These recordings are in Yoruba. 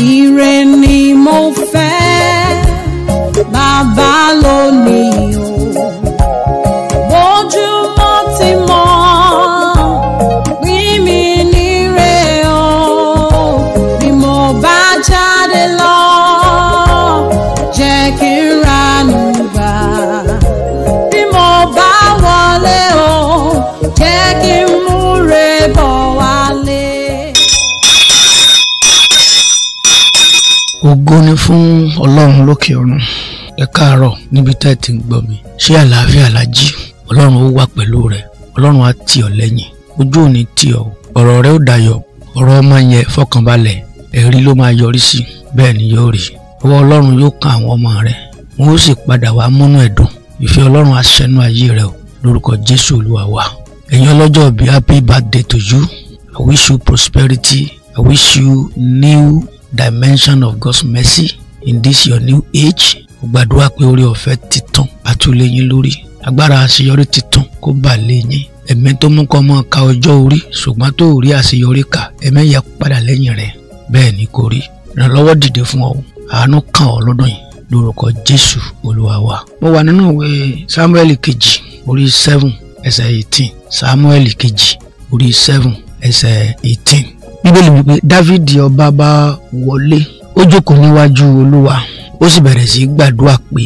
ire in mo fẹ́ bàbá fún ọlọ́run lókè ọ̀run ẹ káàárọ̀ níbi tá ẹ ti ń gbọ́ mi ṣé àlàáfíà la jí ọlọ́run ó wà pẹ̀lú rẹ ọlọ́run á tì ọ́ lẹ́yìn ojú ò ní tì ọ́ ọ̀rọ̀ rẹ ó dayọ̀ ọ̀rọ̀ ọmọ yẹn fọkànbalẹ̀ ẹ̀rí ló máa yọrí sí bẹ́ẹ̀ ni yóò rí ọwọ́ ọlọ́run yóò kan àwọn ọmọ rẹ wọn ó sì padà wá múnú ẹ̀dùn ìfẹ́ ọlọ́run á ṣẹnu ayé rẹ o lórúkọ jésù olúwa wa happy birthday to you i wish you prosperity i wish you new dimension of God's mercy in this your new age mo gbàdúrà pé orí ọ̀fẹ́ titun àtúlẹ̀yìn lórí agbára àṣeyọrí titun kó bà lẹ́yìn ẹ̀mí tó mú kọ́ mọ́ ka ọjọ́ orí ṣùgbọ́n tó rí àṣeyọrí kà ẹ̀mí yẹ padà lẹ́yìn rẹ̀ bẹ́ẹ̀ ni kò rí ìrànlọ́wọ́ dìde fún ọ àánú kàn ọ́ lọ́dún yìí lórúkọ Jésù Olúwa mo wà nínú ìwé Samuel kejì orí seven ẹsẹ̀ eighteen Samuel kejì orí seven ẹsẹ̀ eighteen bíbélì wípé dávìdì ọba bá wọlé ó jókòó níwájú olúwa ó sì bẹ̀rẹ̀ sí gbàdúrà pé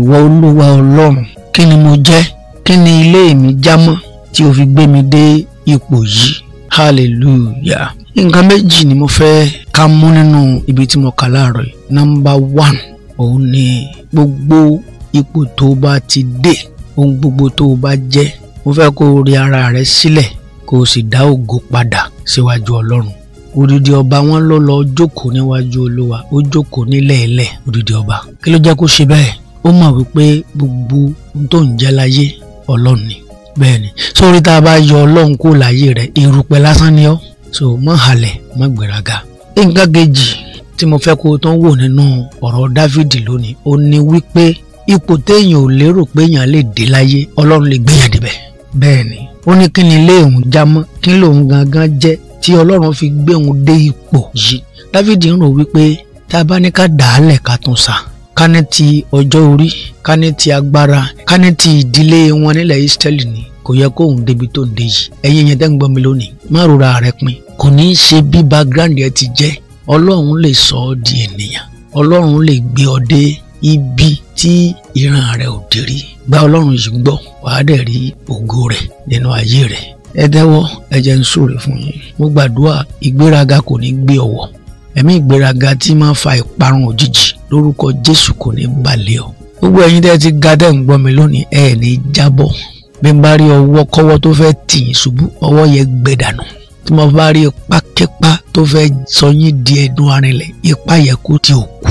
ìwọ olúwa ọlọ́run kí ni mo jẹ́ kí ni ilé mi já tí o fi gbé mi dé ipò yìí hallelujah nǹkan méjì ni mo fẹ́ ká mú nínú ibi tí mo kà láàárọ̀ yìí nọ́mbà one òun ni gbogbo ipò tó bá ti dé ohun gbogbo tó bá jẹ́ mo fẹ́ kó o rí ara rẹ sílẹ̀ kó o sì dá ògo padà síwájú ọlọ́run odidi ọba wọn ló lọ jókòó níwájú olúwa ó jókòó nílẹ̀ẹ́lẹ̀ odidi ọba kí ló jẹ́ kó ṣe bẹ́ẹ̀ ó mọ̀ wípé gbogbo ohun tó ń jẹ́ láyé ọlọ́run ni bẹ́ẹ̀ ni sórí tá a bá yọ ọlọ́run kó láyé rẹ̀ erùpẹ̀ lásán ni ọ́ so mọ́ halẹ̀ mọ́ gbéraga nǹkan kejì tí mo fẹ́ kó o tán wò nínú ọ̀rọ̀ Dáfídì lónìí ó ní wípé ipò téèyàn ò lérò pé èèyàn lè dé láyé ọlọ́run lè gbéyàn débẹ̀ bẹ́ẹ̀ ni ó ní kí ni ilé òun já mọ́ kí lòun gangan jẹ́ tí ọlọ́run fi gbé òun dé ipò yìí dávidi ń rò wípé tá a bá ní ká dà á lẹ̀ ká tún sà ká ní ti ọjọ́ orí ká ní ti agbára ká ní ti ìdílé wọn nílẹ̀ Ísírẹ́lì ni kò yẹ kó òun débi tó ń dé yìí ẹ̀yin yẹn tẹ́ ń gbọ́ mi lónìí má rora rẹ pin kò ní í ṣe bí background ẹ ti jẹ́ ọlọ́run lè sọ ọ́ di ènìyàn ọlọ́run lè gbé ọ dé ibi tí ìran rẹ ò dé rí gba ọlọ́run yìí gbọ́ wàá dẹ̀ rí ògo rẹ̀ nínú ayé rẹ̀ ẹ dẹ́wọ́ ẹ jẹ́ ń súre fún yín mo gbàdúrà ìgbéraga kò ní gbé ọwọ́ ẹ̀mí ìgbéraga tí máa fa ìparun òjijì lórúkọ jésù kò ní balẹ̀ ọ gbogbo ẹ̀yin tẹ́ ti ga tẹ́ gbọ́ mi lónìí ẹ ní jábọ́ bí n bá rí ọwọ́ kọ́wọ́ tó fẹ́ tì yín ṣubú ọwọ́ yẹn gbẹ dànù tí mo bá rí ipákẹ́pá tó fẹ́ sọ di ẹnu arinlẹ̀ ipá yẹ kó ti òkú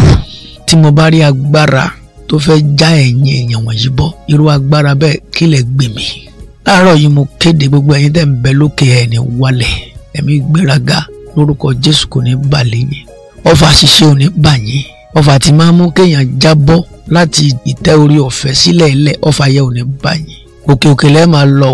tí mo bá rí agbára tó fẹ́ já ẹ̀yìn èèyàn wọ̀nyí bọ́ irú agbára bẹ́ẹ̀ kílẹ̀ gbèmí. láàárọ̀ yìí mo kéde gbogbo ẹ̀yin tẹ́ ń bẹ lókè ẹni wálẹ̀ ẹ̀mí gbéraga lórúkọ Jésù kò ní balẹ̀ yín ọfà ṣíṣe ò ní bà yín ọfà tí máa mú kéèyàn jábọ́ láti ìtẹ́ orí ọ̀fẹ́ sílẹ̀ ilẹ̀ ọfà yẹ ò ní bà yín òkè òkè lẹ́ẹ̀ máa lọ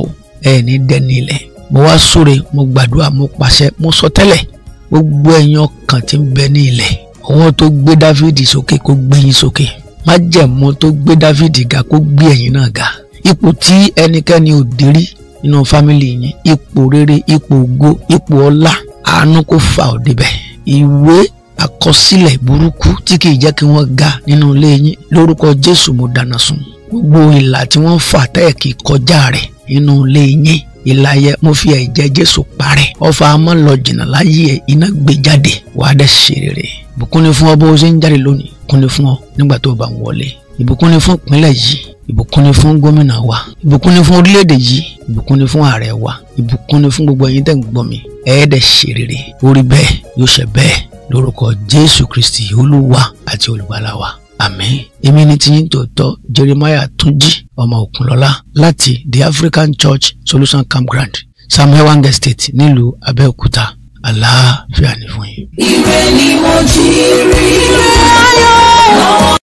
ẹ̀ ní dẹni ilẹ̀ mo wá súre mo gbàdúrà mo pàṣẹ mo sọ tẹ́lẹ̀ gbogbo ẹ̀yin ọkàn tí ń bẹ ní ilẹ̀ ọwọ́ tó gbé Dáfídì sókè kó gbé sókè májẹ̀mú tó gbé Dáfídì ga kó gbé ẹ̀yin náà ga ipò tí ẹnikẹ́ni ò dérí nínú fámìlì yín ipò rere ipò ògo ipò ọlá àánú kó fà ọ́ débẹ̀ ìwé àkọsílẹ̀ burúkú tí kì í jẹ́ kí wọ́n ga nínú ilé yín lórúkọ Jésù mo dáná sun gbogbo ìlà tí wọ́n fà tẹ́ẹ̀kì kọjá rẹ̀ nínú ilé yín ìlà yẹ mo fi ẹ̀jẹ̀ Jésù parẹ́ ọfà amọ̀ lọ jìnnà láyé ẹ̀ iná gbé jáde wàá dẹ̀ ṣe rere ìbùkún ni fún ọ bó ṣe ń jáde lónìí ìbùkún ni fún ọ nígbà tó o bá ń wọlé ìbùkún ni fún ìpínlẹ̀ yìí ìbùkún ni fún gómìnà wa ìbùkún ni fún orílẹ̀-èdè yìí ìbùkún fún ààrẹ wa ìbùkún fún gbogbo ẹ̀yin tẹ̀ ń gbọ́ mi ẹ̀ẹ́dẹ̀ ṣe rere orí bẹ́ẹ̀ yóò ṣe bẹ́ẹ̀ lórúkọ Jésù Kristi olúwa àti olùgbàlà wa àmín èmi ni ti yín tòótọ́ Jeremiah Túnjí ọmọ Òkúnlọ́lá láti The African Church Solution camp Campground Samuel Wange State nílùú Abẹ́òkúta àlàáfíà ni fún yín. ire ni mo jí rí. ire ayọ̀.